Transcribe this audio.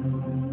you